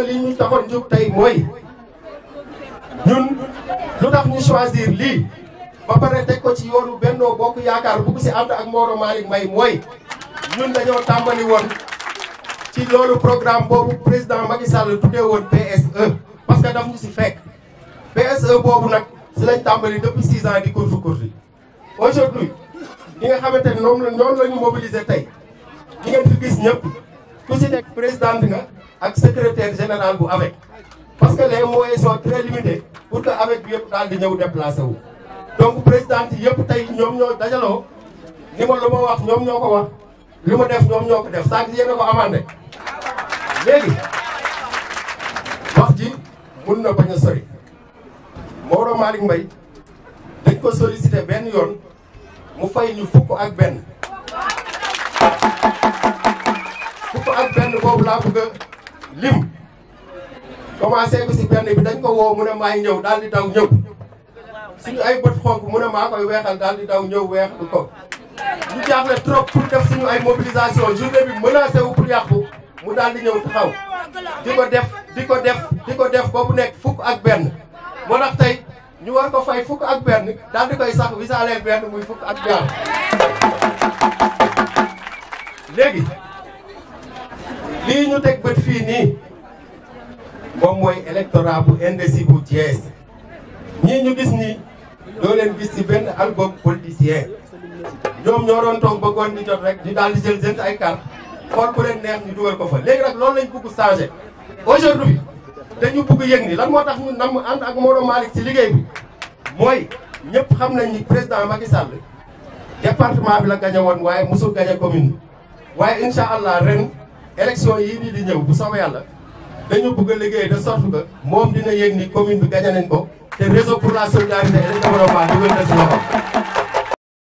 wala li ñu taxoon jóg tey mooy ñun lu tax ñu choisir li ba paré teg ko ci yoonu Benno Bokk yaakar bu ko si ànd ak Maodo malik may moy ñun dañu tambali woon ci lolu programme bobu président Macky Sall tuddee woon PSE parce que daf ñu ci fekk PSE bobu nak si lañ tàmbali depuis 6 ans di kurti kurti aujourd'hui ñi nga xamante ne la ñu mobiliser tay ñi ngeen fi gis ñëpp ku si nekk présidente nga ak secrétaire général bu avec parce que les moyens sont très limités pour que avec bi yëpp daal di ñëw déplacé wu. donc présidente yëpp tey ñoom ñoo dajaloo li ma lu ma wax ñoom ñoo ko wax li ma def ñoom ñoo ko def sànq yéen a ko amandé léegi ji mun na bañ a sori Maodo Malick Mbaye ko sollicité benn yoon mu fay ñu fukk ak benn fukk ak benn boobu laa bëgg lim commencé ko si benn bi dañ ko woo mu ne maay ñëw daal di daw ñëw suñu ay bët xonk mun ne maa koy weexal daal di daw ñëw weex ko ñu jaaxle trop pour def suñu ay mobilisation journée bi menacé wu pour yàqu mu daal di ñëw taxaw di ko def di ko def di ko def ba mu nekk fukk ak benn moo tax tey ñu war ko fay fukk ak benn daal di koy sax wisaalee benn muy fukk ak benn léegi lii ñu teg bët fii nii moom électorat bu indécis bu Thiès ñi ñu gis ni do leen gis ci ben album politicien ñom ñoo doon tok bëggoon ni jot rek di dal di jël jënd ay carte xool bu leen neex ñu duggal ko fa légui rek loolu lañ bëgg changer aujourd'hui dañu bëgg yëg ni lan moo tax ñu nam and ak Maodo malik ci liggéey bi moy ñepp xam nañ ni président Macky Sall département bi la gañe won waye mosul gañe commune waye inshallah allah ren élection yii nii di ñëw bu sama yàlla dañu bëgg a liggéey de que moom dina yéeg ni commune bi gañe ko te réseau pour la solidarité et le développement dugal na si loxo